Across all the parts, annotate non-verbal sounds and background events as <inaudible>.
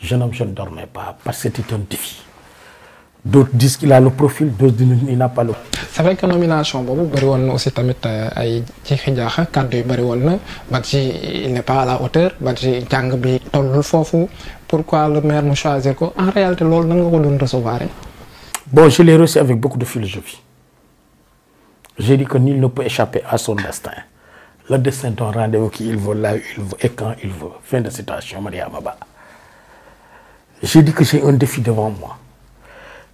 je ne dormais pas parce que c'était un défi. D'autres disent qu'il a le profil, d'autres disent qu'il n'a pas le profil. C'est vrai que la nomination, il aussi euh, il n'est pas à la hauteur, il pourquoi le maire m'a choisi En réalité, c'est recevoir. Hein? Bon, je l'ai reçu avec beaucoup de philosophie. J'ai dit que nul ne peut échapper à son destin. Le destin est un rendez-vous il veut là il veut et quand il veut. Fin de citation, Maria Baba j'ai dit que j'ai un défi devant moi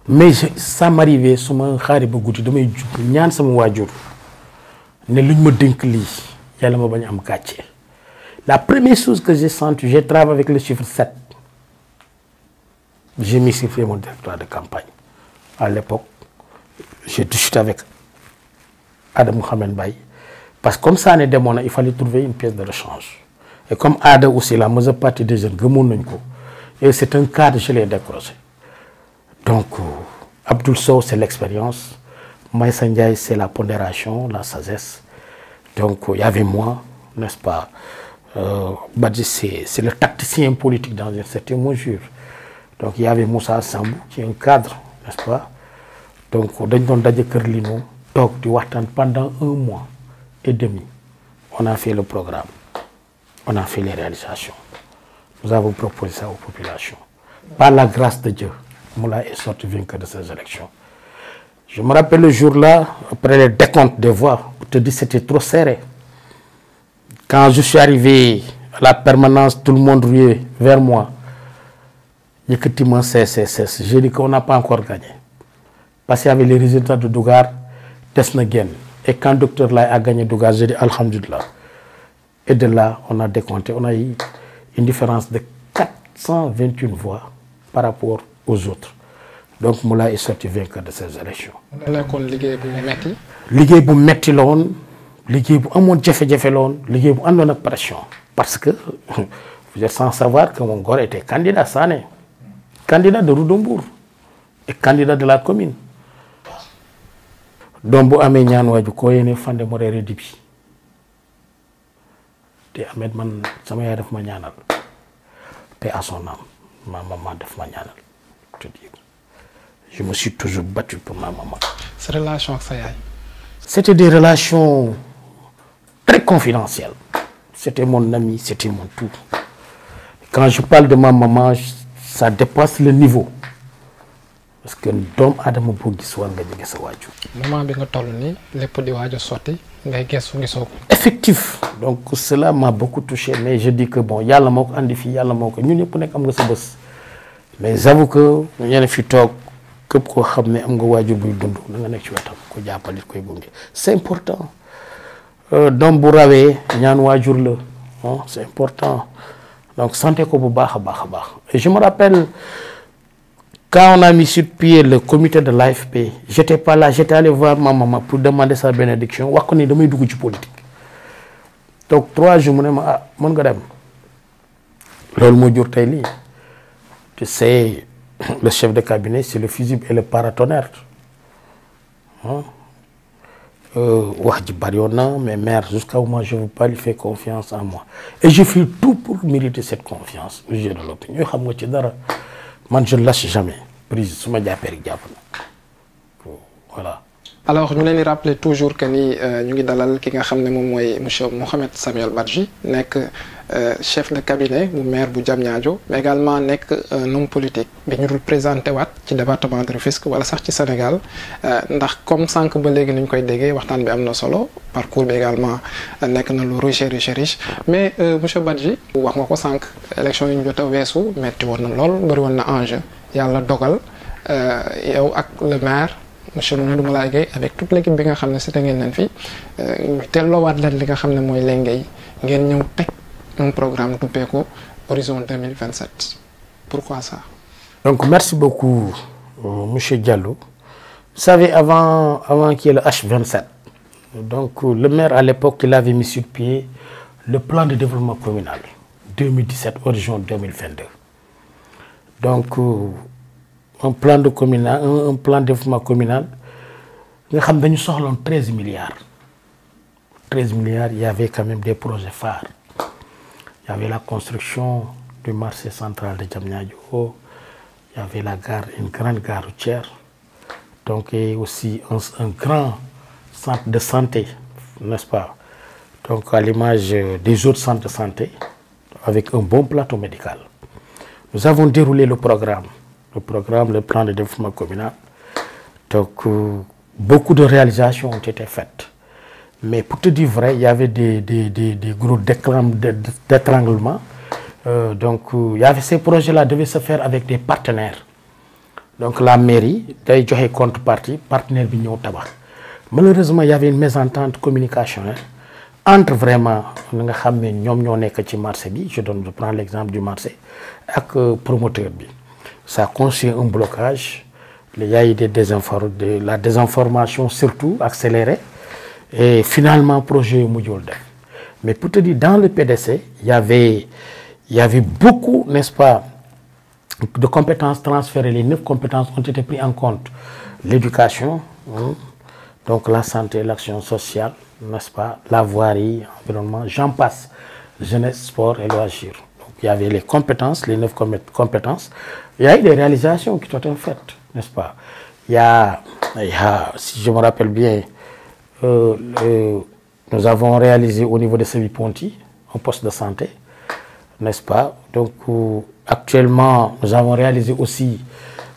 mais ça m'arrivait je ma xaaree ba guddi je ñaan sama waajur ne luñ ma dénk lii ma bañ am la première chose que j'ai senti j'ai travaillé avec le chiffre 7 j'ai mis sur mon directeur de campagne à l'époque j'ai discuté avec Adam Mohamed Baye parce que comme ça on est il fallait trouver une pièce de rechange et comme Adam aussi la majeure partie des jeunes ne nañ ko et c'est un cadre, je l'ai décroché. Donc, euh, Abdul Sow, c'est l'expérience. Maïs Ndiaye, c'est la pondération, la sagesse. Donc, euh, il y avait moi, n'est-ce pas euh, Badji, c'est le tacticien politique dans une certaine mesure. Donc, il y avait Moussa Sambou, qui est un cadre, n'est-ce pas Donc, on a pendant un mois et demi, on a fait le programme, on a fait les réalisations nous avons proposé ça aux populations. Par la grâce de Dieu, Moula est sorti vainqueur de ces élections. Je me rappelle le jour-là, après le décompte des voix, on te dit que c'était trop serré. Quand je suis arrivé à la permanence, tout le monde riait vers moi. Effectivement, c'est, J'ai dit qu'on n'a pas encore gagné. Parce qu'il y avait les résultats de Dougar, gagne. Et quand le docteur a gagné Dougar, j'ai dit Alhamdulillah. Et de là, on a décompté. On a eu une différence de 421 voix par rapport aux autres. Donc Moulay est sorti vainqueur de ces élections. kon liggéey bu metti liggéey bu metti la woon liggéey bu amoon jafe-jafe la woon liggéey bu àndoon ak pression. parce que <laughs> vous êtes sans savoir que mon gor était candidat Sané candidat de Roudombourg et candidat de la commune. Dombou Amé amee ñaan waaju koo yéene de mo reere dibi ma à son je me suis toujours battu pour ma maman. sa relation ak sa yaay. c'était des relations très confidentielles c'était mon ami c'était mon tout quand je parle de ma maman ça dépasse le niveau parce que dom aadama boo gis war nga jege sa waajur. moment bi nga toll ni lepp di waaj soti ngay gëstu ngi ko. effectif donc cela m'a beaucoup touché mais je dis que bon yalla moko andi fi yalla moko ko ñun ñëpp nekk am nga sa bëss mais j'avoue que ñene fi tok kep ko xam am nga waajur bu dund na nga nek ci wetam ko jàppalit koy gunge c'est important euh dom bu rawee ñaan waajur le hein c'est important donc santé ko bu baax a baax baax et je me rappelle. Quand on a mis sur pied le comité de l'AFP, j'étais pas là, j'étais allé voir ma maman pour demander sa bénédiction. Je suis allé du politique. Donc, trois jours, je me suis dit, ah, mon Tu sais, le chef de cabinet, c'est le fusible et le paratonnerre. Hein? Euh, mais mère, jusqu'à où moi je ne veux pas lui faire confiance à moi. Et je fais tout pour mériter cette confiance. Je ne l'opinion je ne lâche jamais prise je voilà. alors nous rappeler toujours que nous euh, ñu ngi dalal ki nga Samuel Badji euh, chef de cabinet bu maire bu Diamniadio mais également nek euh, un politique bi ñu représenté waat ci département de Rufisque wala sax ci Sénégal euh, ndax comme sànq ba léegi ni ñu koy déggee waxtaan bi am solo parcours bi également nek na lu riche riche mais monsieur Badji wax nga ko sànq élection yi ñu jot a weesu metti woon na lool bëri woon na enjeu yàlla dogal yow ak le maire monsieur Mamadou Malaye Gueye avec toute l'équipe bi nga c'est ne c'était ngeen leen fi telloowaat leen li nga xam ne mooy lengey ngeen ñëw teg un programme du Pérou horizon 2027 pourquoi ça donc merci beaucoup M. Euh, monsieur Diallo vous savez avant avant qu'il y ait le H27 donc euh, le maire à l'époque il avait mis sur pied le plan de développement communal 2017 horizon 2022 donc euh, un plan de communal un, plan développement communal nous sommes 13 milliards 13 milliards il y avait quand même des projets phares il y avait la construction du marché central de Djamnyadjo. Il y avait la gare, une grande gare routière. Donc, et aussi un, grand centre de santé, n'est-ce pas Donc, à l'image des autres centres de santé, avec un bon plateau médical. Nous avons déroulé le programme, le programme, le plan de développement communal. Donc, euh, beaucoup de réalisations ont été faites. Mais pour te dire vrai, il y avait des, des, des, gros d'étranglement. Euh, donc, euh, il y avait ces projets-là devaient se faire avec des partenaires. Donc, la mairie, d'ailleurs, j'ai contrepartie, partenaire au Tabac. Malheureusement, il y avait une mésentente communication hein. entre vraiment, nous savons nous sommes je, donne, je prends l'exemple du Marseille avec euh, le promoteur. Ça a conçu un blocage. Il y a eu des désinformations la désinformation surtout accélérée. Et finalement, projet Moudjoldef. Mais pour te dire, dans le PDC, il y avait, il y avait beaucoup, n'est-ce pas, de compétences transférées. Les neuf compétences ont été prises en compte. L'éducation, hein, donc la santé, l'action sociale, n'est-ce pas, la voirie, environnement, j'en passe, jeunesse, sport et loisirs. Donc il y avait les compétences, les neuf compétences. Il y a eu des réalisations qui ont été faites, n'est-ce pas. Il il y a si je me rappelle bien, euh, nous avons réalisé au niveau de semi un poste de santé, n'est-ce pas Donc euh, actuellement, nous avons réalisé aussi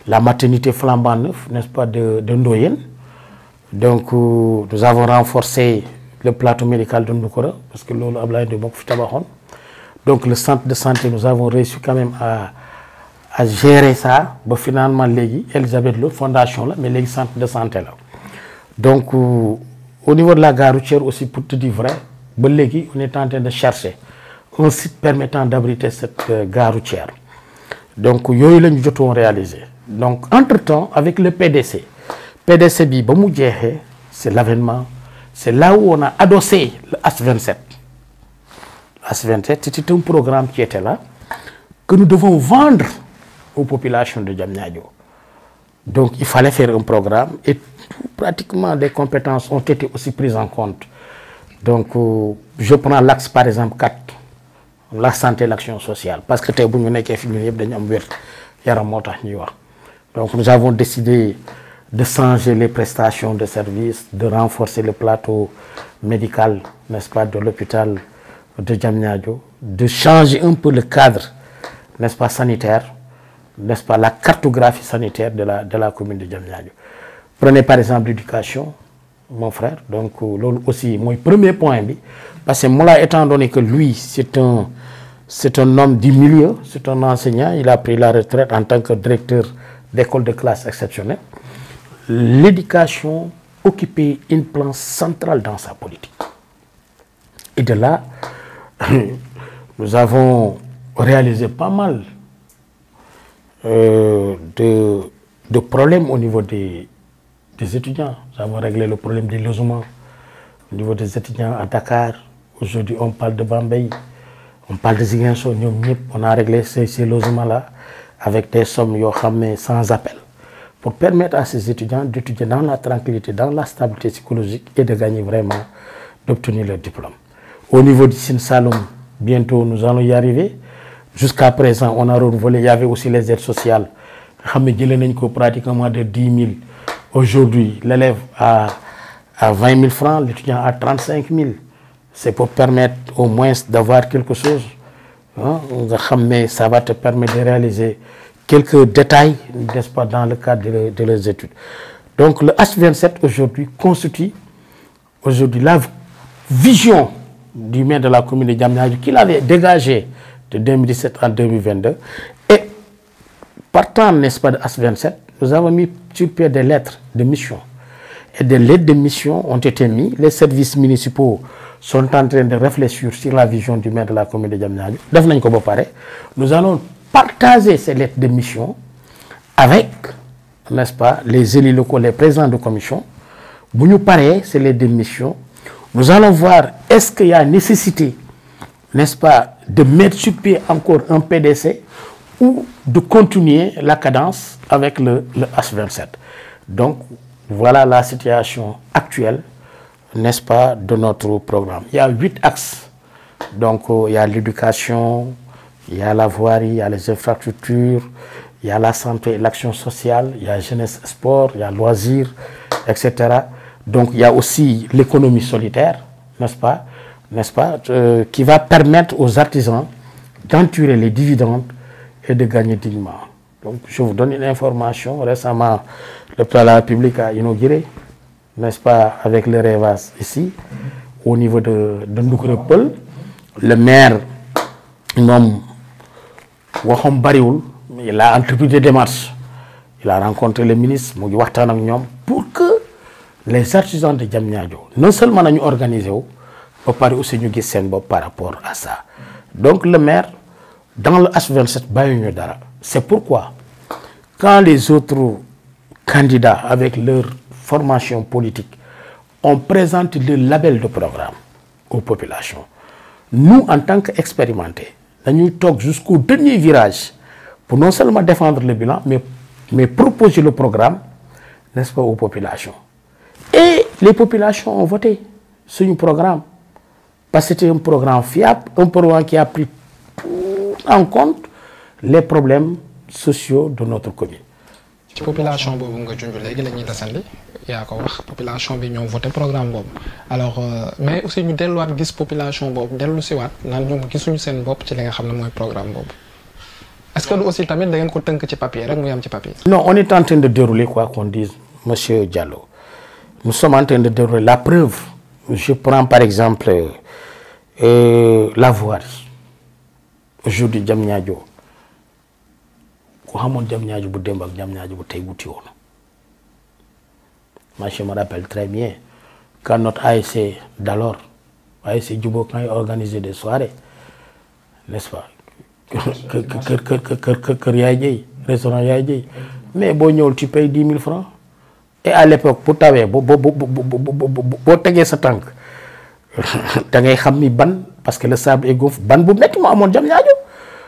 la maternité flambant neuf, n'est-ce pas, de, Ndoyen. Donc euh, nous avons renforcé le plateau médical de Ndokora, parce que l'on a de Donc le centre de santé, nous avons réussi quand même à, à gérer ça. Bon, finalement, Elisabeth, le fondation, là, mais les centre de santé. là. Donc, au niveau de la gare routière aussi, pour te dire vrai, on est en train de chercher un site permettant d'abriter cette euh, gare routière. Donc, le lañu jotton réalisé. Donc, entre-temps, avec le PDC, PDC c'est l'avènement, c'est là où on a adossé le H27. Le 27 c'était un programme qui était là que nous devons vendre aux populations de Diamniadio. Donc, il fallait faire un programme et pratiquement les compétences ont été aussi prises en compte. Donc, euh, je prends l'axe, par exemple, 4, la santé, et l'action sociale. Parce que Donc, nous avons décidé de changer les prestations de services, de renforcer le plateau médical, n'est-ce pas, de l'hôpital de Djamnyadjo, de changer un peu le cadre, n'est-ce pas, sanitaire, n'est-ce pas, la cartographie sanitaire de la, de la commune de Djamnyadjo prenez par exemple l'éducation mon frère donc euh, aussi mon premier point parce que là, étant donné que lui c'est un un homme du milieu c'est un enseignant il a pris la retraite en tant que directeur d'école de classe exceptionnelle l'éducation occupait une plan centrale dans sa politique et de là <laughs> nous avons réalisé pas mal euh, de problèmes au niveau des des étudiants. Nous avons réglé le problème des logements au niveau des étudiants à Dakar. Aujourd'hui, on parle de Bambay, on parle de Ziguinchor, on a réglé ces, logements-là avec des sommes sans appel pour permettre à ces étudiants d'étudier dans la tranquillité, dans la stabilité psychologique et de gagner vraiment, d'obtenir leur diplôme. Au niveau du Sin bientôt nous allons y arriver. Jusqu'à présent, on a renouvelé, il y avait aussi les aides sociales. Nous avons pratiquement de 10 000 Aujourd'hui, l'élève a, 20 000 francs, l'étudiant a 35 000. C'est pour permettre au moins d'avoir quelque chose. Hein? Ça va te permettre de réaliser quelques détails, n'est-ce pas, dans le cadre de, les études. Donc le H27 aujourd'hui constitue aujourd'hui la vision du maire de la commune de Djamnyadjou qu'il avait dégagée de 2017 à 2022. Et partant, n'est-ce pas, de H27, nous avons mis sur pied des lettres de mission. Et des lettres de mission ont été mises. Les services municipaux sont en train de réfléchir sur la vision du maire de la commune de Djamnadio. Nous allons partager ces lettres de mission avec, n'est-ce pas, les élus locaux, les présidents de commission. Vous nous parlez, ces lettres de mission. Nous allons voir est-ce qu'il y a nécessité, n'est-ce pas, de mettre sur pied encore un PDC ou de continuer la cadence avec le, H27. Donc voilà la situation actuelle, n'est-ce pas, de notre programme. Il y a huit axes. Donc euh, il y a l'éducation, il y a la voirie, il y a les infrastructures, il y a la santé et l'action sociale, il y a jeunesse sport, il y a loisirs, etc. Donc il y a aussi l'économie solitaire, n'est-ce pas, n'est-ce pas euh, qui va permettre aux artisans d'enturer les dividendes et de gagner dignement. Donc, je vous donne une information. Récemment, le palais public a inauguré, n'est-ce pas, avec le Révas ici, au niveau de, de Le maire, Wahom il a entrepris des démarches. Il a rencontré le ministre, pour que les artisans de Djamniadjo, non seulement nous organisé, mais aussi nous par rapport à ça. Donc, le maire, dans le H27, c'est pourquoi, quand les autres candidats avec leur formation politique, ont présenté le label de programme aux populations, nous, en tant qu'expérimentés, nous sommes jusqu'au dernier virage pour non seulement défendre le bilan, mais, mais proposer le programme, n'est-ce pas, aux populations. Et les populations ont voté sur un programme. Parce que c'était un programme fiable, un programme qui a pris en compte les problèmes sociaux de notre commune. La population nga la wax population bi ñoo voté programme alors euh, mais aussi ñu delluwaat gis population boobu dellu siwaat naan ñoom gisuñu ci li nga programme est-ce que aussi tamit da ngeen ko tënk ci papier rek mu yam papier. non on est en train de dérouler quoi qu'on dise monsieur Diallo nous sommes en train de dérouler la preuve je prends par exemple euh, euh la voirie aujourd'hui jam je me rappelle très bien quand notre ASC d'alors ASC Djubo des soirées n'est-ce pas restaurant mais tu payes 10 000 francs et à l'époque bo sa tank <laughs> da ngay xam parce que le sable est gonflé ban bu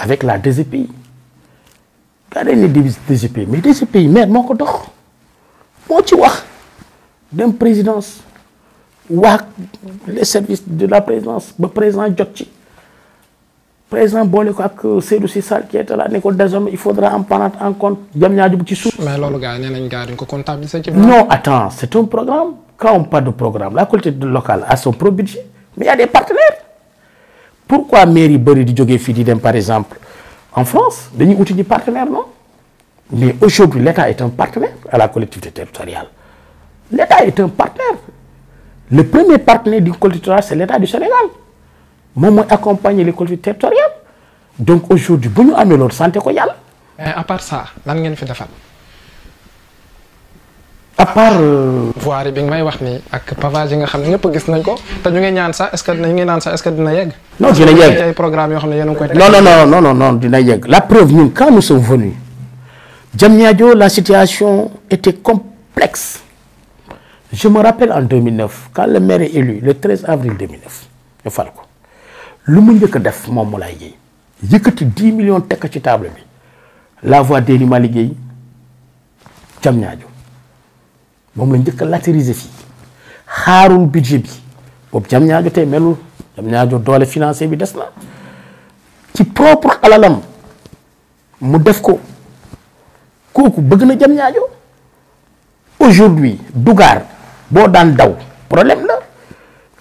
avec la DGPI Regardez les di mais DCPI, mais mon ko dox moo ci wax d'une présidence les services de la présidence Le président jot le président Boleko, c'est ak euh, Seydou qui est là il faudra en prendre en compte y a ci mais gars gars non attends c'est un programme quand on parle de programme la collectivité locale a son propre budget mais il y a des partenaires pourquoi mairie yi du di Fididem, par exemple en France dañuy outil ji partenaire non mais aujourd'hui l'État est un partenaire à la collectivité territoriale l'État est un partenaire le premier partenaire d'une collectivité territoriale c'est l'État du Sénégal Moi, mooy accompagner les collectivités territoriales donc aujourd'hui bu ñu amee santé royale. Et à part ça lan ngeen fi defal. à part. Euh, voirie bi nga may wax voir ak pavage yi nga xam ne ñëpp gis nañ ko te ñu ngi ñaan est-ce que ñu ngi naan sax est-ce que dina yegg non dina yegg ay non non non non non la preuve nous, quand nous sommes venus Diamniadio la situation était complexe je me rappelle en 2009 quand le maire est élu le 13 avril 2009 il fal ko lu mu njëkk a def moom Y a que 10 millions teg ci table bi la voix d'Ely Malick Gueye Diamniadio moom la njëkk a latériser fii xaarul budget bi Bob Diamniadio tey melul dam naa jot doole financier bi des na ci propre alalam mu def ko koku bëgg na jam ñaajo aujourd'hui Dougar bo daan daw problème la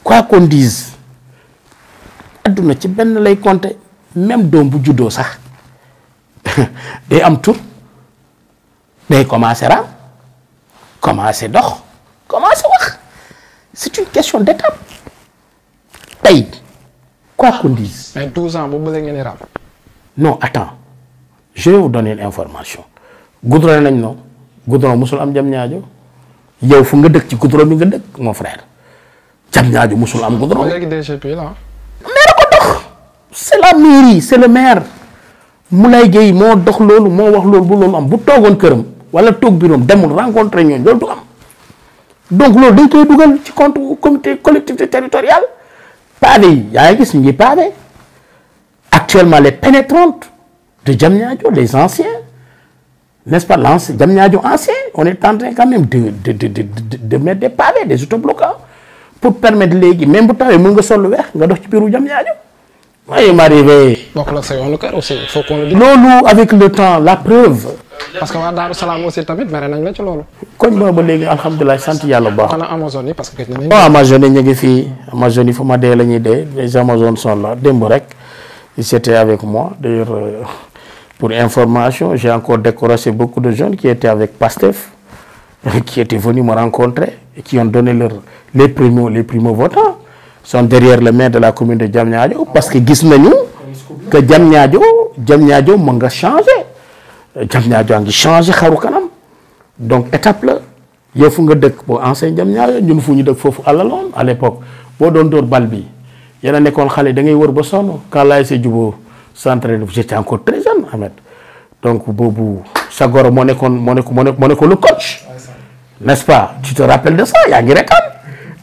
quoi qu'on dise aduna ci ben lay compter même dom bu juddo sax <laughs> day am tur day commencé raam commencé dox commencé wax c'est une question d'étape quoi ah. qu'on dise. mais 12 ans vous la pas non attends je vais vous donner une information goudron c'est non goudron musul am jam yow nga mon frère goudron. la la mairie c'est le maire Moulay Gueye dox am wala am donc tu ci comité collectivité territoriale. Il y a a qui actuellement les pénétrantes de Diamniadio les anciens n'est-ce pas l'ancien ancien on est en train quand même de mettre des pavés des autobloquants pour permettre gens. même pour toi, mën sol il y nga dox ci biiru Diamniadio il m'arrivait. Donc là, c'est un aussi il faut qu'on le dise. avec le temps la preuve parce que waa salam Salaam aussi tamit mere nañ la ci lolu koñ ba ba légui alhamdulilah sante yalla baax. xanaa yi parce que. waaw Amazone yi Amazonie ngi fi amazon yi faut ma dee les Amazones sont là démb rek ils avec moi d'ailleurs euh, pour information j'ai encore décoré beaucoup de jeunes qui étaient avec Pastef <laughs> qui étaient venus me rencontrer et qui ont donné leur les primo les primo votants sont derrière le maire de la commune de Diamniadio parce que gis nañu que Diamniadio Diamniadio mën nga changer. Diamniadio a ngi changé xaru kanam donc étape la yow fu nga dëkk boo enseigne Diamniadio ñun fu ñu dëkk foofu àllaloon à l'époque boo doon door bal bi yéen a nekkoon xale da ngay wër ba sonn quand l'ASC Juboo s'entraîne j'étais encore très jeune Ahmed donc boobu sa goro moo nekkoon moo nekk moo nekk moo nekkoon le coach n'est-ce pas tu te rappelles de ça yaa ngi rekaan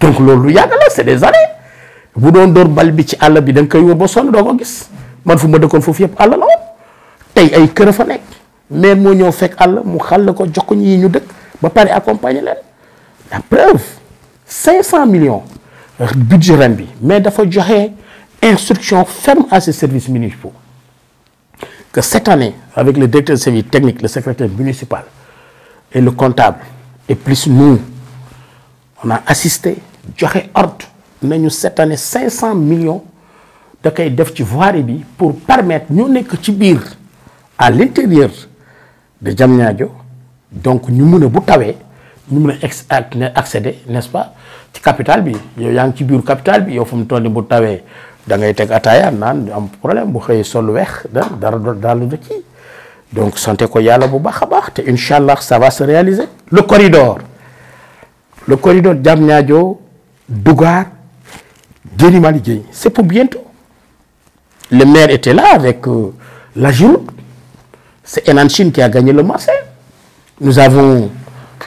donc loolu lu yàgg la c'est des années bu doon door bal bi ci àll bi da nga koy wër ba sonn doo ko gis man fu ma dëkkoon foofu yëpp àll la tey ay kër fa nekk. Mais nous avons fait àll mu xàll ko jox ko ñi ñu ba accompagner la preuve 500 millions euh, budget il bi mais dafa une instruction ferme à ces services municipaux que cette année avec le directeur de service technique le secrétaire municipal et le comptable et plus nous on a assisté joxe ordre nañu cette année 500 millions de koy def ci voirie pour permettre ñu ci à l'intérieur de Diamniadio donc nous pouvons accéder n'est-ce pas ci capital bi yow a un ci biir capital bi yow a un toll nii bu tawee da ngay teg ataaya naan am problème bu xëyee sol résoudre, da donc santé ko yàlla bu baax a baax te ça va se réaliser. le corridor le corridor Diamniadio Dougar Djenimali djeni c'est pour bientôt le maire était là avec euh, la Gironde c'est Enanchine qui a gagné le marché. Nous avons,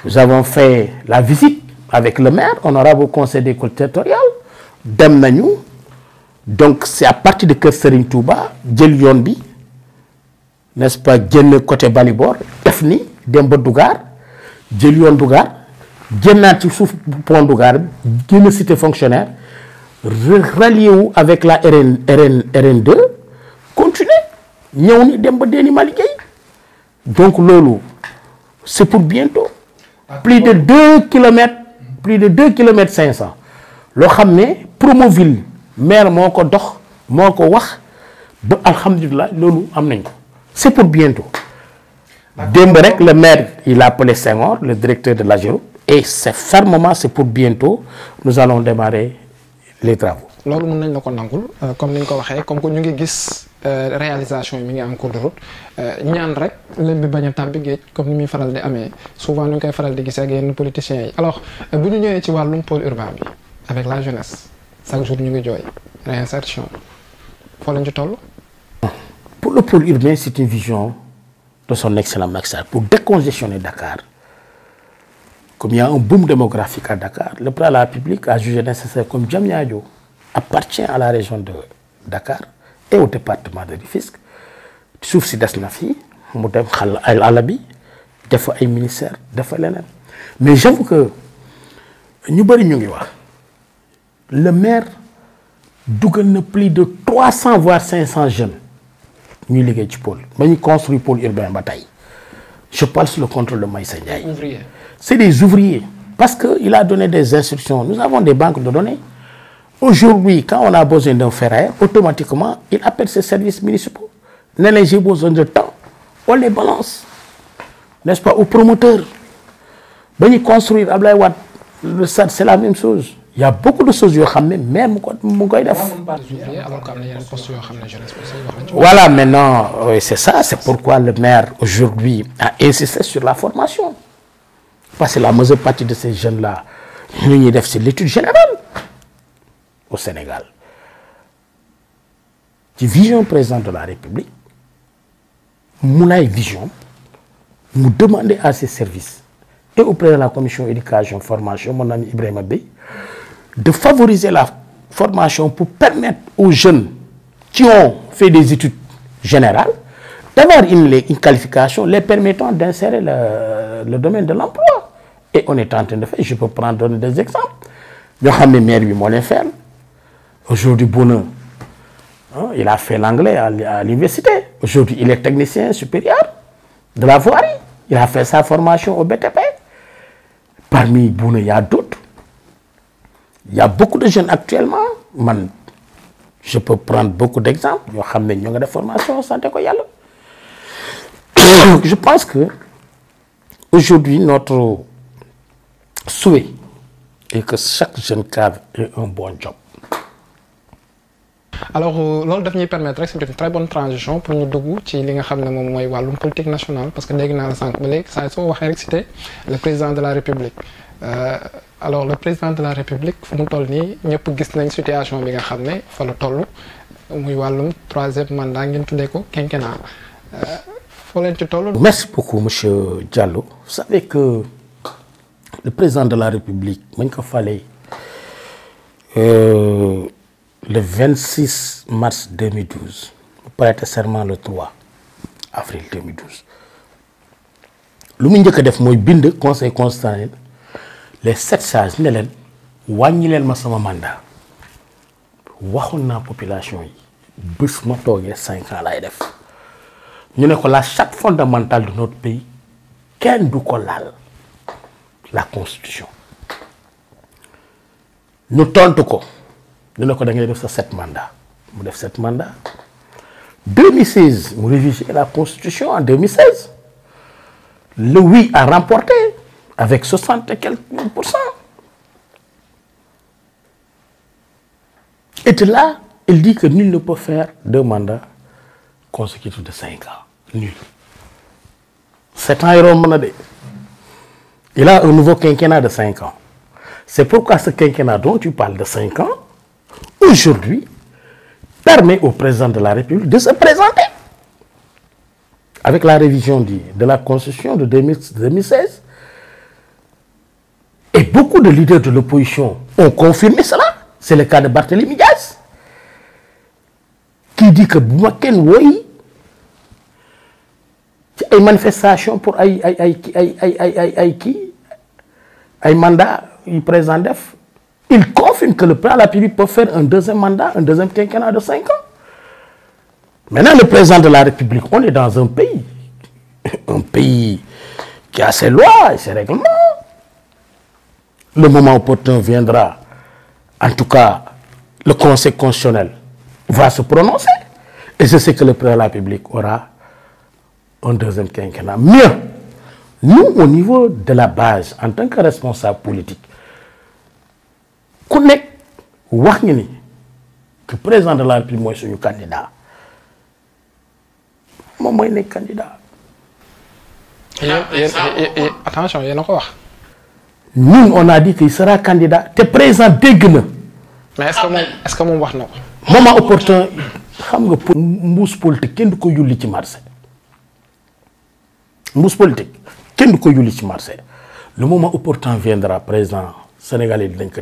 nous avons fait la visite avec le maire, on aura vos conseils d'école territoriale, Demnanou. Donc c'est à partir de Kër Serigne Touba, jël n'est-ce pas génn côté Balibor FNI, ni Dougar jël Dougar génnaat souf Dougar cité fonctionnaire rallié avec la RN RN 2 continuer Nous, ni donc Lolo, c'est pour bientôt plus de 2 km, plus de 2 km 500. Lo loo maire moko dox moko wax ba c'est pour bientôt Dembrek, le maire il a appelé Senghor le directeur de la géo et c'est fermement c'est pour bientôt nous allons démarrer les travaux lolu mën nañ nous euh, comme nous ko comme ñu ngi euh, réalisation yi mi ngi am cours de route euh, ñaan rek lem bi bañ a tàbbi géej comme ni muy faral di amee souvent ñu ngi koy faral di gisee ak yenn politiciens alors si euh, ñu ñëwee ci wàllum pôle urbain bi avec la jeunesse chaque jour ñu ngi jooy réinsertion foo lañ ci toll. pour le pôle urbain c'est une vision de son excellent maxar pour décongestionner Dakar comme il y a un boom démographique à Dakar le président de la République a jugé nécessaire comme Diamniadio appartient à la région de Dakar et au département de Rufisque Sauf si des la fille, mu dem xal ay bi ay ministère defo mais j'avoue que ñu bari ñu ngi wax le maire dugal na plus de 300 voire 500 jeunes ñuy liggé ci pôle mais il construit pôle urbain bataille. je parle sur le contrôle de Maïssa Ndiaye c'est des ouvriers parce qu'il a donné des instructions nous avons des banques de données Aujourd'hui, quand on a besoin d'un ferrailleur, automatiquement, il appelle ses services municipaux. J'ai besoin de temps, on les balance, n'est-ce pas, Au promoteur. Ben, construire le c'est la même chose. Il y a beaucoup de choses, même Voilà, maintenant, c'est ça, c'est pourquoi le maire aujourd'hui a insisté sur la formation. Parce que la majeure partie de ces jeunes-là, c'est l'étude générale au Sénégal ci vision présente de la République Moulay Vision nous demander à ses services et auprès de la commission éducation formation mon ami Ibrahima Bey de favoriser la formation pour permettre aux jeunes qui ont fait des études générales d'avoir une, qualification les permettant d'insérer le, domaine de l'emploi. Et on est en train de faire, je peux prendre des exemples. Mohamed en aujourd'hui Bonheur, hein, il a fait l'anglais à, l'université. Aujourd'hui, il est technicien supérieur de la voirie. Il a fait sa formation au BTP. Parmi Bounou, il y a d'autres. Il y a beaucoup de jeunes actuellement. je peux prendre beaucoup d'exemples. Je pense que aujourd'hui, notre souhait est que chaque jeune cave ait un bon job alors euh, loolu daf ñuy permettre rek c'est une très bonne transition pour nous dugg ci li nga xam ne moom mooy politique nationale parce que dégg naa la sànq ba léegi saa soo waxee rek le président de la république euh, alors le président de la république fu mu toll nii ñëpp gis nañ situation bi nga xam ne fa la toll muy wàllum troisième mandat ngeen tuddee ko quinquennat euh, foo leen ci toll. merci beaucoup monsieur Diallo vous savez que le président de la république mañ ko falee le 26 mars 2012, vous serment le 3 avril 2012. Ce def le conseil constitutionnel les sept sages ne leen ma sama population ans la charte fondamentale de notre pays du la constitution nous tontu nous avons ko 7 mandats mandats 2016 nous révisé la constitution en 2016 le oui a remporté avec 60 et quelques et là il dit que nul ne peut faire deux mandats consécutifs de 5 ans nul C'est un il il a un nouveau quinquennat de 5 ans c'est pourquoi ce quinquennat dont tu parles de 5 ans aujourd'hui, permet au président de la République de se présenter. Avec la révision de la Constitution de 2016, et beaucoup de leaders de l'opposition ont confirmé cela. C'est le cas de Barthélémy Gass qui dit que Boumaken Woyi, une manifestation pour un mandat, il présente il confirme que le président de la République peut faire un deuxième mandat, un deuxième quinquennat de 5 ans. Maintenant, le président de la République, on est dans un pays, <laughs> un pays qui a ses lois et ses règlements. Le moment opportun viendra. En tout cas, le Conseil constitutionnel va se prononcer. Et je sais que le président de la République aura un deuxième quinquennat. Mieux, nous, au niveau de la base, en tant que responsable politique, ku wax président de la République candidat Je suis un candidat. Ah, attention il y a encore. Nous, Nous on a dit qu'il sera candidat te président présent na. mais est-ce que ah, mon est-ce que mon moment opportun xam nga pour qui politique qui est ko yulli ci marché politique qui est ko yulli ci le moment opportun viendra président sénégalais de ko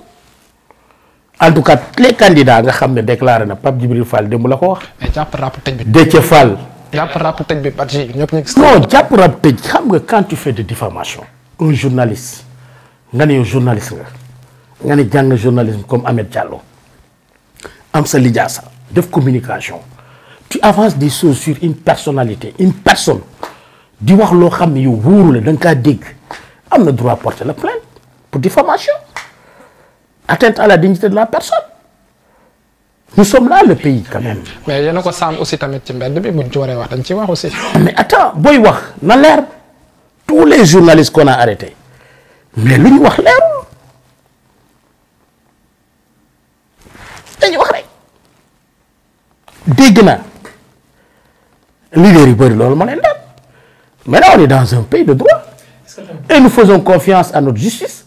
en tout cas les candidats nga xamné ne déclaré na Pape Djibril Fall démb la ko wax. mais jàpp ràpp tëj bi. Déthié Fall. jàpp rap tëj bi Badji ñëpp ñu non jàpp rap tej xam nga quand tu fais de diffamation un journaliste nga né journaliste nga nga né jang journalisme comme Ahmed Diallo am sa lijaasa def communication tu avances des choses sur une personnalité une personne di wax lo xamni ne yow wóoru la da dégg am na droit porter la plainte pour diffamation atteinte à la dignité de la personne nous sommes là le pays quand même. mais il y a un saam aussi tamit ci mbedd bi mais attends boy, wax na l'air, tous les journalistes qu'on a arrêtés mais lui, ñu wax leerul dañu wax ne dégg na leader mais là on est dans un pays de droit et nous faisons confiance à notre justice.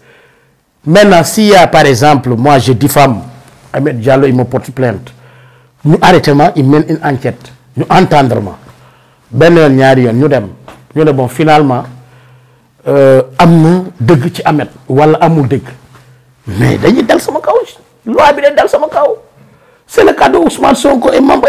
Maintenant, si y a, par exemple, moi, je diffame Ahmed Diallo, il me porte plainte. Nous arrêtons, il mène une enquête. Nous entendrons. Ben, nous dem. Nous bon, finalement, euh, na dëgg ci Ahmed. wala amul mais dañuy dal sama kaw loi bi sommes dal sama kaw. c'est le cadeau de Ousmane Sonko et membre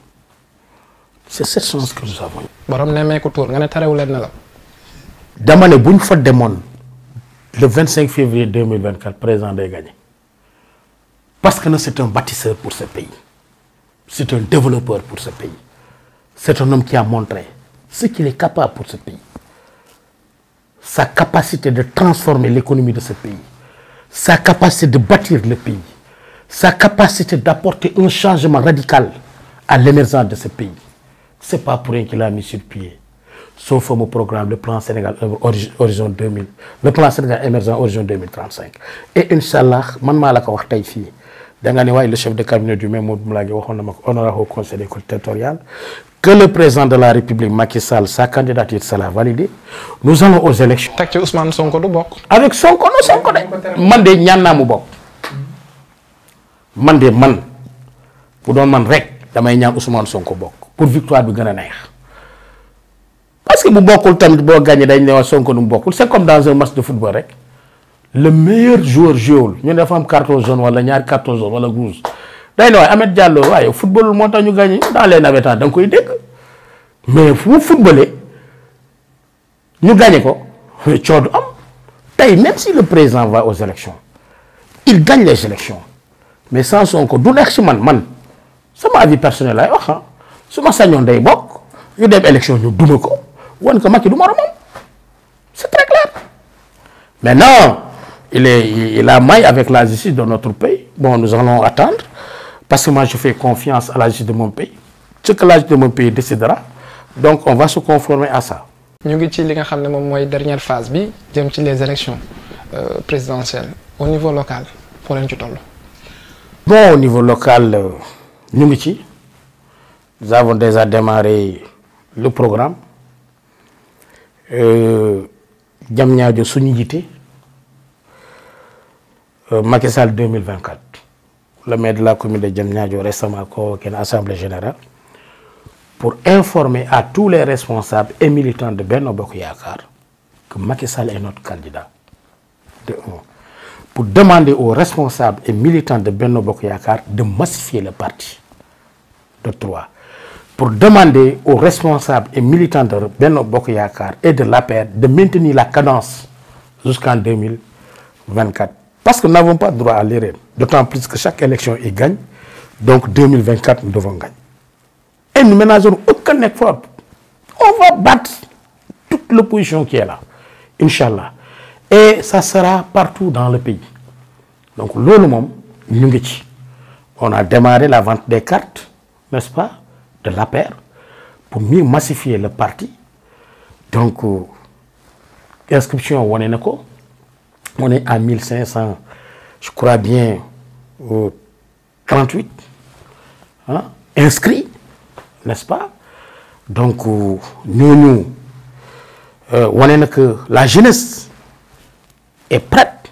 c'est cette chance que nous avons. borom ne le 25 février 2024 président a gagné parce que c'est un bâtisseur pour ce pays c'est un développeur pour ce pays c'est un homme qui a montré ce qu'il est capable pour ce pays sa capacité de transformer l'économie de ce pays sa capacité de bâtir le pays sa capacité d'apporter un changement radical à l'émergence de ce pays c'est pas pour rien qu'il a mis sur pied son fameux programme, le plan Sénégal Horizon 2000, le plan Sénégal émergent Horizon 2035. Et Inch'Allah, je suis la ko le chef de cabinet du même je au conseil territorial que le président de la République Macky Sall sa candidature sera validée nous allons aux élections Ousmane Sonko avec Sonko no Sonko suis man de ñaan man de man man rek damay ñaan Ousmane Sonko pour victoire bi gëna parce que bu bokul de dañ ne c'est comme dans un match de football le meilleur joueur joue, ñu dafa carton jaune wala ñaar carton jaune wala rouge day ne Diallo football mo tax gagné dans les da koy mais footballé ñu ko même si le président va aux élections il gagne les élections mais sans son du neex man man sama avis personnel suma ma day ñu dem élection ñu duma ko won ko du c'est très clair maintenant il est il a maille avec la justice de notre pays bon nous allons attendre parce que moi je fais confiance à la justice de mon pays ce que la justice de mon pays décidera donc on va se conformer à ça. ñu ngi ci li nga xamné mom dernière phase bi jëm ci les élections euh, présidentielles au niveau local Pour len ci bon au niveau local euh, ñu ngi ci. Nous avons déjà démarré le programme. Diamniadio euh, Sunigité, euh, Macky Sall 2024. Le maire de la commune de de récemment convoqué une assemblée générale pour informer à tous les responsables et militants de Benno Bokuyakar que Macky est notre candidat. De pour demander aux responsables et militants de Benno Bokuyakar de massifier le parti. De Troyes pour demander aux responsables et militants de Benno Bokoyakar et de l'APR de maintenir la cadence jusqu'en 2024. Parce que nous n'avons pas droit à l'erreur. D'autant plus que chaque élection est gagne. Donc 2024, nous devons gagner. Et nous ménageons aucun effort. On va battre toute l'opposition qui est là. Inch'Allah. Et ça sera partout dans le pays. Donc, moment, on a démarré la vente des cartes, n'est-ce pas de la paire pour mieux massifier le parti. Donc, euh, inscription on est à 1500, je crois bien, 38 hein, inscrits, n'est-ce pas Donc, euh, nous, nous, euh, que la jeunesse est prête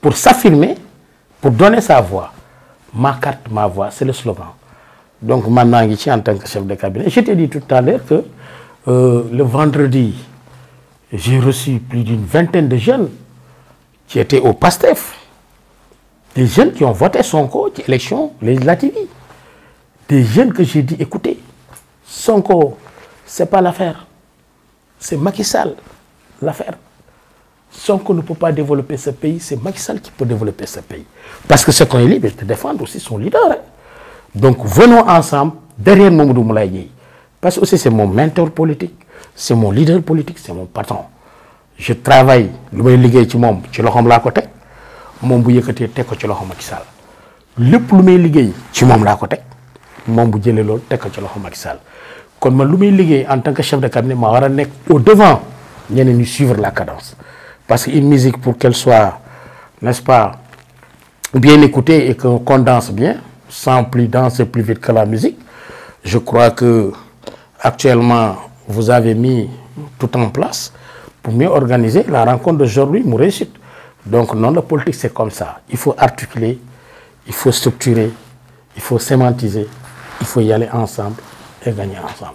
pour s'affirmer, pour donner sa voix. Ma carte, ma voix, c'est le slogan donc maintenant ici en tant que chef de cabinet je t'ai dit tout à l'heure que euh, le vendredi j'ai reçu plus d'une vingtaine de jeunes qui étaient au PASTEF des jeunes qui ont voté son ci élection législative des jeunes que j'ai dit écoutez Sonko c'est pas l'affaire c'est Macky Sall l'affaire Sonko ne peut pas développer ce pays c'est Macky Sall qui peut développer ce pays parce que ce qu'on est libre de défendre aussi son leader hein. Donc venons ensemble derrière Mamoudou Moulaye Parce que c'est mon mentor politique, c'est mon leader politique, c'est mon patron. Je travaille, je travaille avec lui, je le fais à côté. moom bu yëkkatee teg ko ci loxom Macky Sall lépp lu may liggéey ci mom la ko teg mom bu jëlee loolu teg ko ci loxom Macky Sall kon man lu may liggéey en tant que chef de cabinet ma wara nek au devant ñeneen suivre la cadence parce que musique pour qu'elle soit n'est-ce pas bien écoutée et qu'on condense bien sans plus danser plus vite que la musique. Je crois que actuellement, vous avez mis tout en place pour mieux organiser la rencontre d'aujourd'hui, mon Donc non, la politique, c'est comme ça. Il faut articuler, il faut structurer, il faut sémantiser, il faut y aller ensemble et gagner ensemble.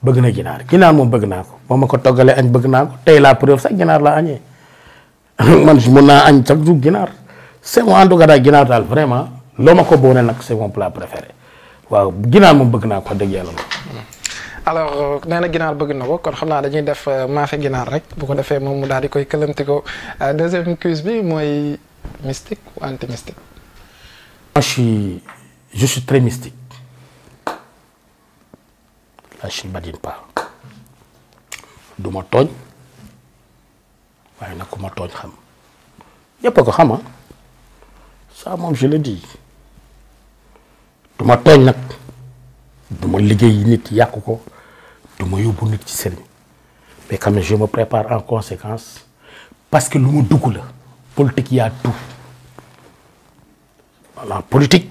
bëgg na ginaar ginaar moom bëgg naa ko ba ma ko toggalee añ bëgg naa ko tey la preuve sax ginaar laa añee <laughs> man mun naa añ chaque jour ginaar c'est mon en tout ginaar daal vraiment loo ma ko boone nag c'est mon plat préféré waaw ginaar moom bëgg naa ko dëgg yàlla moom. alors euh, ginaar bëgg na ko kon xam naa dañuy def euh, maafe ginaar rek bu ko defee moom mu daal di koy këlamti ko euh, deuxième quiz bi mooy mystique ou anti mystique. je suis je mystique. Je ne du pas je ne xam ah. ça je le dis Je ne sais pas du nit pas ko du pas. mais quand je me prépare en conséquence parce que nous je la politique y a tout la politique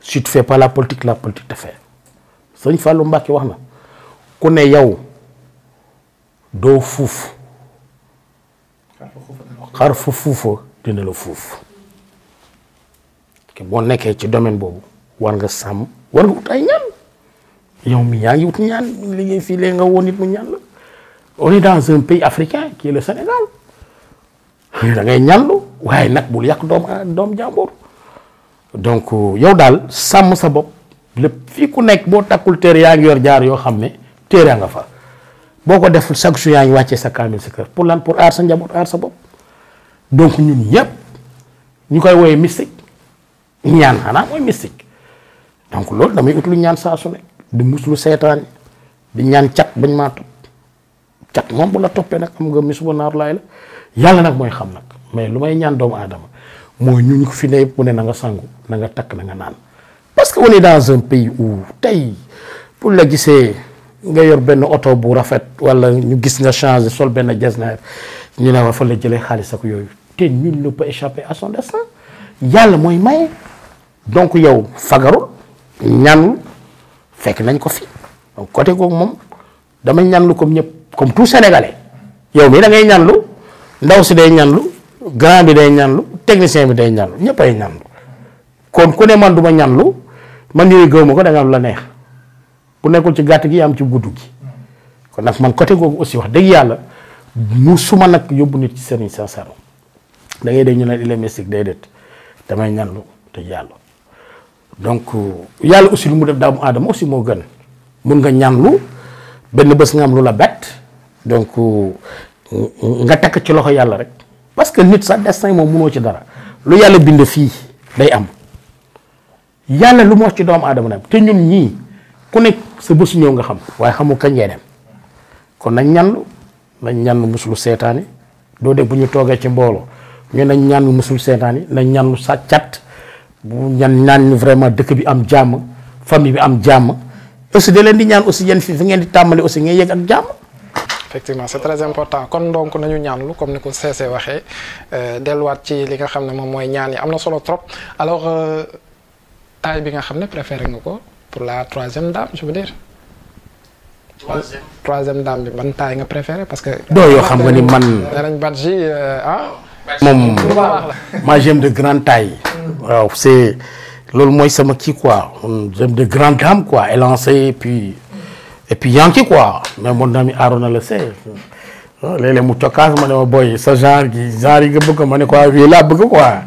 si tu fais pas la politique la politique te fait. sëñ Fallou Mbacke wax na ku ne yow doo fuuf xar fa fuufa dina la fuuf boo nekkee ci domaine boobu war nga sàmm war nga ut ay ñaan yow mi yaa ngi wut ñaan liggéey fii léegi nga woon nit mu ñaan la on est dans un pays africain qui est Sénégal da ngay ñaanlu waaye nag bul yàq doom doom jàmbur donc yow daal sàmm sa bopp. lépp fii ku nekk boo takkul téere yaa ngi yor jaar yoo xam ne téere nga fa boo ko deful chaque jour yaa ngi wàccee sa kaamil sa kër pour lan pour aar sa njaboot aar sa bopp donc ñun ñëpp ñu koy woowee mystique ñaan xanaa mooy mystique donc loolu damay ut lu ñaan saa su ne di muslu seetaan di ñaan cat bañ maa topp cat moom bu la toppee nag am nga misu ba naar laay la yàlla nag mooy xam nag mais lu may ñaan doomu aadama mooy ñu ko fi ne yëpp mu ne na nga sangu na nga takk na nga naan. parce que on est dans un pays où tey pour la gisee nga yor benn oto bu rafet walla ñu gis nga changé sol benn jasner ñu ne waa fa la jëlee xaalis ak yooyu te nul ne peut échapper à son destin yàlla mooy maye donc yow fagarul ñaanul fekk nañ ko fi donc côté googu moom dama lu comme ñëpp comme tout sénégalais yow mii da ngay ñaanlu ndaw si day ñaanlu grand bi day ñaanlu technicien bi day ñaanlu ñëpp ay ñaanlu kon ku ne man du ma ñaanlu man yooyu gëw mako da nga am la neex bu nekkul ci gatt gi am ci guddu gi kon nak man côté gogou aussi wax deug yalla mu suma nak yobbu nit ci sëriñ sincère da ngay day ñu ne ilé est mystique déedéet damay ñanlu te yalla donc yalla aussi lu mu def daamu adam aussi mo gën mun nga ñanlu benn bëss nga am lu la bet donc nga tak ci loxo yalla rek parce que nit sa destin moom munoo ci dara lu yalla bind fi day am yàlla lu mu wax ci doomu aadama nag te ñun ñii ku nekk sa bés ñëw nga xam waaye xamul kañ ngay dem kon nañ ñanlu nañ ñanlu musul seetaan yi doo def bu ñu toogee ci mbooloo ñu nañ ñanlu musul seetaan yi nañ ñanlu sa cat bu ñan ñaan ñu vraiment dëkk bi am jàmm famille bi am jàmm aussi da leen di ñaan aussi yéen fi fu ngeen di tàmbali aussi ngeen yëg ak jàmm. effectivement c'est très important kon donc nañu ñaanlu comme ni ko seesee waxee euh, delluwaat ci li nga xam ne moom mooy ñaan yi am na solo trop euh, taille bi pour la troisième dame je veux dire. troisième dame bi taille parce que. j'aime de grande taille. c'est sama qui quoi j'aime de grande dame quoi élancé et puis et puis yankee quoi mais mon ami Arona le sait. Ah, léeg-léeg mu ma ne genre quoi quoi.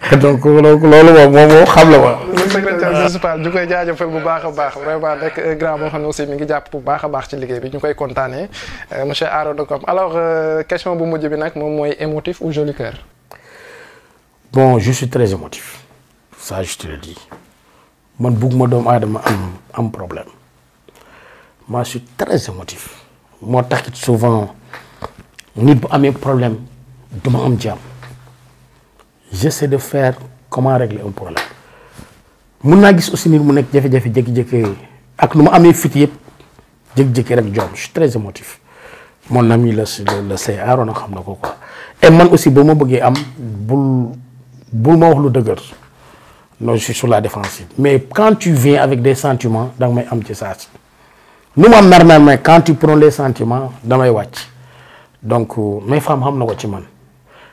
<laughs> donc loolu moom moom xam la ma. secrétaire municipal ñu koy jaajëfal bu baax a baax vraiment nekk euh, grand boo xam ne aussi mi ngi jàpp bu baax a baax ci liggéey bi ñu koy kontaanee euh, monsieur Aro Kom alors euh, question bu mujj bi nag moom mooy émotif ou joli cœur. bon je suis très émotif ça je te le dis man bugguma doomu aadama am am problème ma je suis très émotif moo tax souvent nit bu amee problème duma am jàmm j'essaie de faire comment régler un problème mun naa gis aussi nit mu nekk jafe-jafe jékki-jékki ak nu mu amee fit yëpp jékki-jékki rek joom je suis très émotif mon ami la la say aaroon xam na ko quoi et man aussi boo ma am bul bul ma wax lu dëgër non je suis sur la défensive mais quand tu viens avec des sentiments da nga may am ci saa si nu mu mais quand tu prends les sentiments damay wàcc donc euh, mes femmes xam na ko ci man.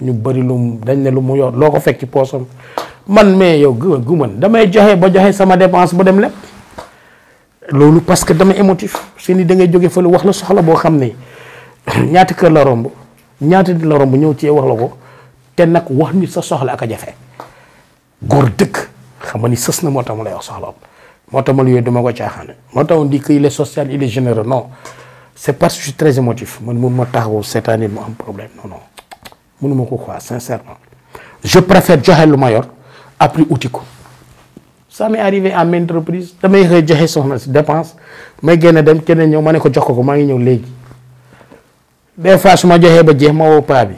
ñu bari lum dañ né lu mu yor loko fekk ci poosam man mé yow gu man damay joxé ba joxé sama dépense bu dem lepp loolu parce que dama émotif seen da ngay joggé fële wax la soxla bo xamné <clears throat> ñaati kër la rombu ñaati di la rombu ñew ci wax la ko té nak wax nit sa soxla ak jafé gor góor dëkk xam nga na moo tax lay wax soxla moo tax ma dama ko chaxane moo social il est généreux non c'est parce que je suis très émotif man taxaw cette année mo am problème non non mënuma ko quoi sincèrement je préfère joxe lu ma yor après uti ko ça m'est arrivé à maintes damay xëy joxe soxna si dépense may génn dem keneen ñëw ma ne ko jox ko ko maa ngi ñëw léegi des fois su ma joxee ba jeex ma woo paa bi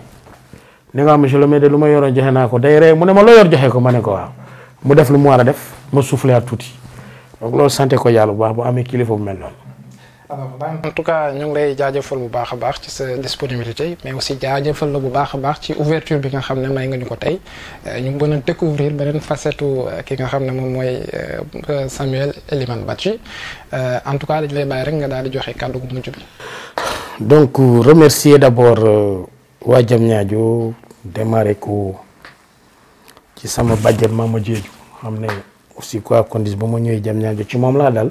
ne nga ah, monsieur le maire de lu ma yoroon joxe naa ko day rey mu ne ma loo yor joxe ko ma ne ko waaw mu def lu mu war a def ma soufflé tuuti donc loolu sante ko yàlla bu baax bu amee kilifa bu mel noonu. alors en tout cas ñu ngi lay jaajëfal bu baax baax ci sa disponibilité mais aussi jaajëfal la bu baax baax ci ouverture bi nga xam may nga ñuko tay ñu euh, gën découvrir benen facette euh, ki nga xam mom moy euh, Samuel Eliman Batchi en tout cas dañu lay bàyyi rek nga dal di joxe kàddu bu mujj bi. donc remercier d'abord abord waa Diamniadio démarré ko ci sama bàjjen Mama Diédhiou xam aussi quoi condition ba ma ñëwee Diamniadio ci mom la dal.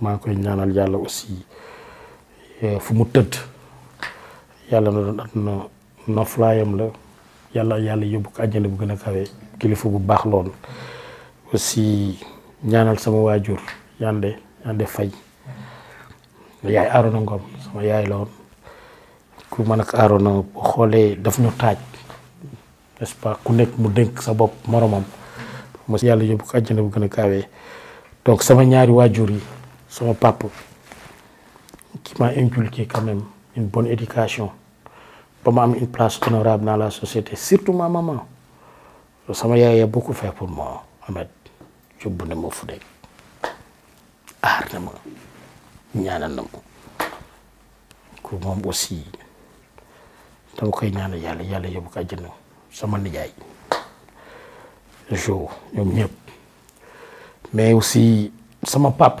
ma koy ñaanal yalla aussi eh, fu mu teud yalla na doon aduna na flyam la yalla yalla yóbbu ko àjjana bu gëna kawé kawe kilifa bu bax lool aussi ñaanal sama wajur yande yande fay yaay aarona ngom sama yaay la ku mën ak aarona bu xolé daf ñu taaj n'est-ce pas ku nekk mu denk sa bop moromam mo yalla ko bu gëna kawé sama ñaari wajuri Mon papa qui m'a inculqué quand même une bonne éducation, pour une place honorable dans la société, surtout ma maman. Ça m'a beaucoup fait pour moi, Ahmed. Je ne me fous aar ma ñaanal ko aussi mais aussi Mon pape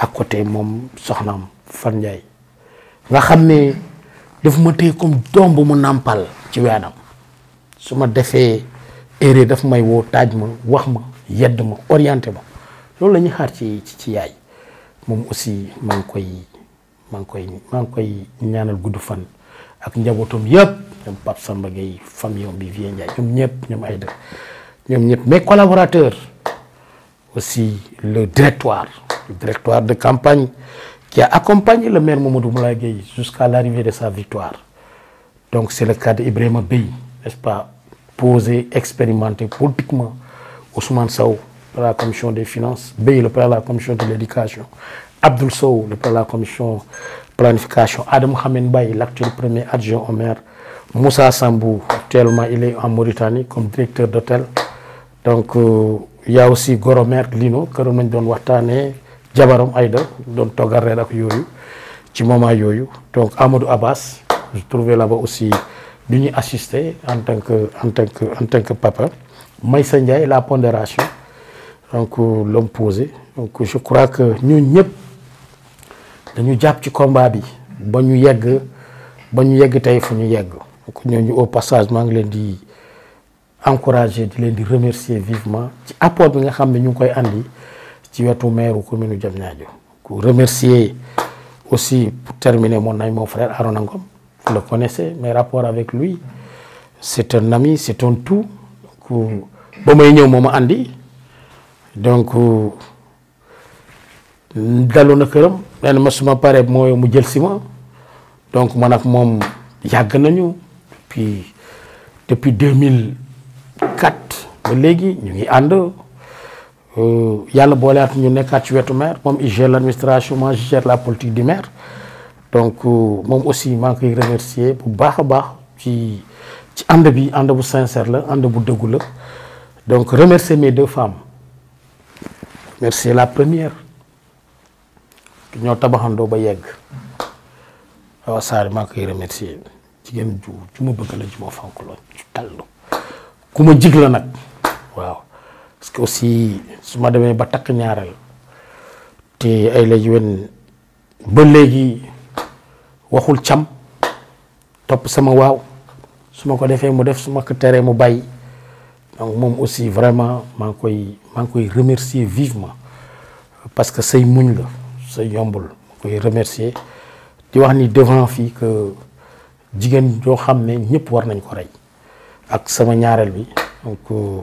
ak côté moom soxnaam fan Ndiaye nga xam ne daf ma téye comme doom bu mu nàmpal ci weenam su ma defee erreur daf may woo taaj ma wax ma yedd ma orienté ma loolu la ñuy xaar ci ci yaay moom aussi maa ngi koy maa koy maa ngi koy ñaanal gudd fan ak njabootam yëpp ñoom Pape Samba Gueye famille bi Vieux Ndiaye ñoom ñëpp ñoom ay dëkk ñoom ñëpp mes collaborateurs aussi le directoire le directoire de campagne, qui a accompagné le maire Mamoudou Moulaye jusqu'à l'arrivée de sa victoire. Donc c'est le cas d'Ibrahim Bey, n'est-ce pas, posé, expérimenté politiquement, Ousmane Sao, par la commission des finances, Bey, le de la commission de l'éducation, Abdoul Sow, le de la commission planification, Adam Hamen Bay, l'actuel premier adjoint au maire, Moussa Sambou, actuellement il est en Mauritanie comme directeur d'hôtel. Donc euh, il y a aussi Goromer Lino, que nous jabaram Aïda dont Togaré Chimoma donc Amadou Abbas je trouvais là-bas aussi assister en tant que en tant que en tant que papa Maïssa Ndiaye la pondération donc euh, l'homme posé donc je crois que nous nous dañu combat bi nous yegg nous au passage Je remercier vivement apport ci wetu maire commune Diamniadio Je remercier aussi pour terminer mon ami mon frère Aaron Angom vous le connaissez mes rapports avec lui c'est un ami c'est un tout ku bamay ñew moma andi donc euh, dalu na këram nee ma suma paré moy mu jël si Je donc man ak mom yag nañu depuis depuis 2004 ba léegi ñu ngi euh, yàlla booleat ñu le ci wetu maire moom il gère l'administration administration moi je gère la politique du maire donc euh, mom aussi je ngi remercier bu baaxa qui baax ci ci ande bi ande bu sincère la ande bu dëggu la donc remercier mes deux femmes merci la première ñoo tabaxando ba yegg wa Saare maa ngi koy remercier jigéen ju ci ma bëgg la ci ma fonk lo ci tallu kuma ku nak parce que aussi su ma ba ay la me ba légui waxul sama waaw ko défé mu def suma ko mu Je donc mom aussi vraiment je koy remercier vivement parce que c'est muñ la koy remercier di ni devant que jigen war nañ ko ak sama donc euh,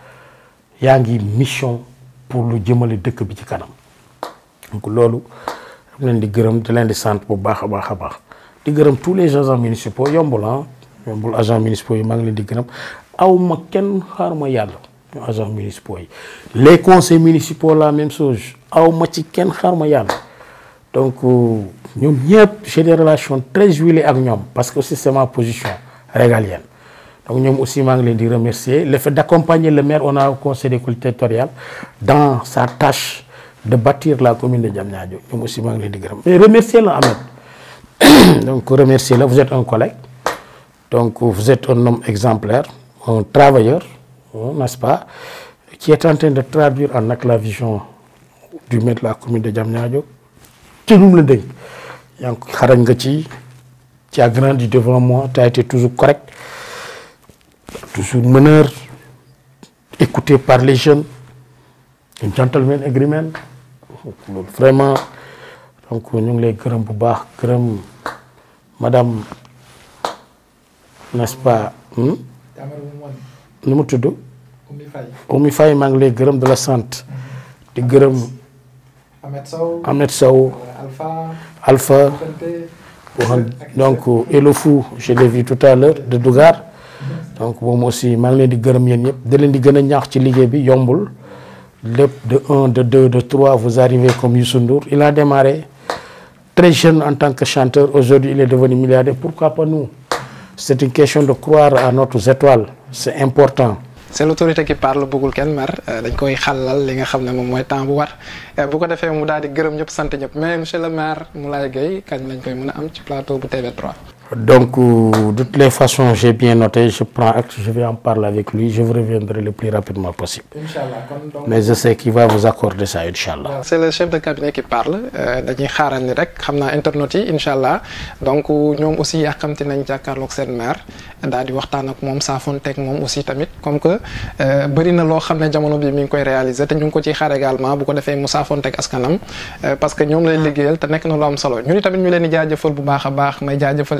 yaa ngi mission pour lu jëmale dëkk bi ci kanam donc loolu am leen di gërëm di leen di sant bu baax a baax a baax di gërëm tous les agents municipaux yombul ah yombul agents municipaux yi maa ngi leen di gërëm aw ma kenn xaar ma yàlla agents municipaux les conseils municipaux la même chose aw ma ci kenn xaar ma yàlla donc euh, ñoom ñëpp j'ai des relations très huilées ak ñoom parce que aussi c'est ma position régalienne donc, nous aussi, remercier. Le fait d'accompagner le maire, on a au conseil des territorial dans sa tâche de bâtir la commune de Djamnadio. Nous aussi, le Ahmed. <coughs> Donc, remercier le vous êtes un collègue. Donc, vous êtes un homme exemplaire, un travailleur, hein, n'est-ce pas, qui est en train de traduire en acte du maire de la commune de Djamnadio. Tu nous le dis. Tu as grandi devant moi, tu as été toujours correct toujours meneur, écouté par les jeunes, un gentleman agreement. Vraiment, donc nous les grands grands madame, n'est-ce pas Nous. Hmm? nu mu les Oumy de la sant. di gërëm. Ahmed Alpha. Alpha. donc fou, je l'ai vu tout à l'heure de Dougar donc moom aussi maa ngi leen di gërëm yéen ñëpp da leen di gën a ñaax ci liggéey bi yombul lépp de 1, de 2, de 3, vous arrivez comme Youssou Ndour il a démarré très jeune en tant que chanteur aujourd'hui il est devenu milliardaire pourquoi pas nous c'est une question de croire à notre étoile. c'est important c'est l'autorité qui parle bëggul kenn mar euh, dañ koy xalal li nga xam ne moom mooy temps bu war euh, bu ko defee mu daal di gërëm ñëpp sant ñëpp mais monsieur le maire Moulaye gay kañ lañ koy mën a am ci plateau bu TV3 donc, euh, de toutes les façons, j'ai bien noté, je prends acte, je vais en parler avec lui, je reviendrai le plus rapidement possible. Donc... Mais je sais qu'il va vous accorder ça, Inshallah. C'est le chef de cabinet qui parle, euh, dañuy xaarandi rek xam naa internautes yi Inch'Allah donc ñoom aussi yàkkamti nañ jàkkaarloog seen maire daal di waxtaan ak moom saafonteeg moom aussi tamit comme que euh, bëri na loo xam ne jamono bi mi ngi koy réaliser te ñu ngi ko ciy xaar également bu ko defee mu askanam parce que ñoom lay liggéeyal te nekk na lu am solo ñun tamit ñu leen di jaajëfal bu baax a baax may jaajëfal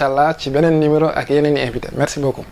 incha ci beneen numéro ak yeneen i invité merci beaucoup